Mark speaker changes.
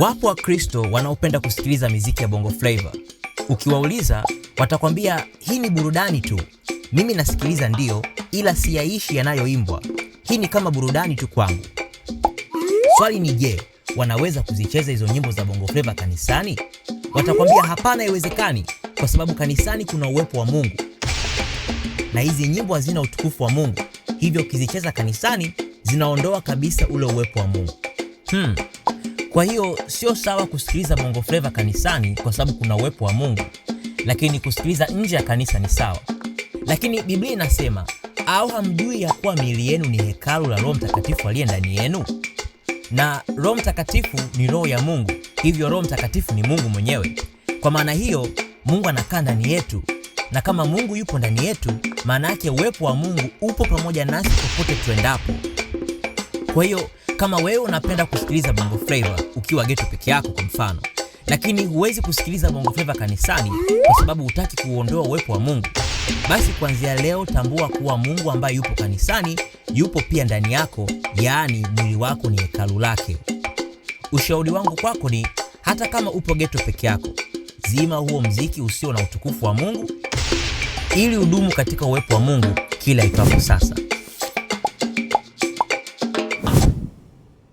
Speaker 1: Wapo Wakristo wanaopenda kusikiliza miziki ya Bongo Flava. Ukiwauliza watakwambia hii ni burudani tu, mimi nasikiliza ndiyo, ila siyaishi yanayoimbwa. Hii ni kama burudani tu kwangu. Swali ni je, wanaweza kuzicheza hizo nyimbo za Bongo Flava kanisani? Watakwambia hapana, haiwezekani, kwa sababu kanisani kuna uwepo wa Mungu na hizi nyimbo hazina utukufu wa Mungu, hivyo ukizicheza kanisani zinaondoa kabisa ule uwepo wa Mungu. Hmm. Kwa hiyo sio sawa kusikiliza bongo fleva kanisani kwa sababu kuna uwepo wa Mungu, lakini kusikiliza nje ya kanisa ni sawa. Lakini Biblia inasema au hamjui ya kuwa miili yenu ni hekalu la Roho Mtakatifu aliye ndani yenu, na Roho Mtakatifu ni roho ya Mungu, hivyo Roho Mtakatifu ni Mungu mwenyewe. Kwa maana hiyo Mungu anakaa ndani yetu, na kama Mungu yupo ndani yetu, maana yake uwepo wa Mungu upo pamoja nasi popote tuendapo. Kwa hiyo kama wewe unapenda kusikiliza bongo flava ukiwa geto peke yako kwa mfano, lakini huwezi kusikiliza bongo flava kanisani kwa sababu hutaki kuondoa uwepo wa Mungu, basi kuanzia leo tambua kuwa Mungu ambaye yupo kanisani yupo pia ndani yako, yaani mwili wako ni hekalu lake. Ushauri wangu kwako ni hata kama upo geto peke yako, zima huo mziki usio na utukufu wa Mungu ili udumu katika uwepo wa Mungu kila ikapo sasa.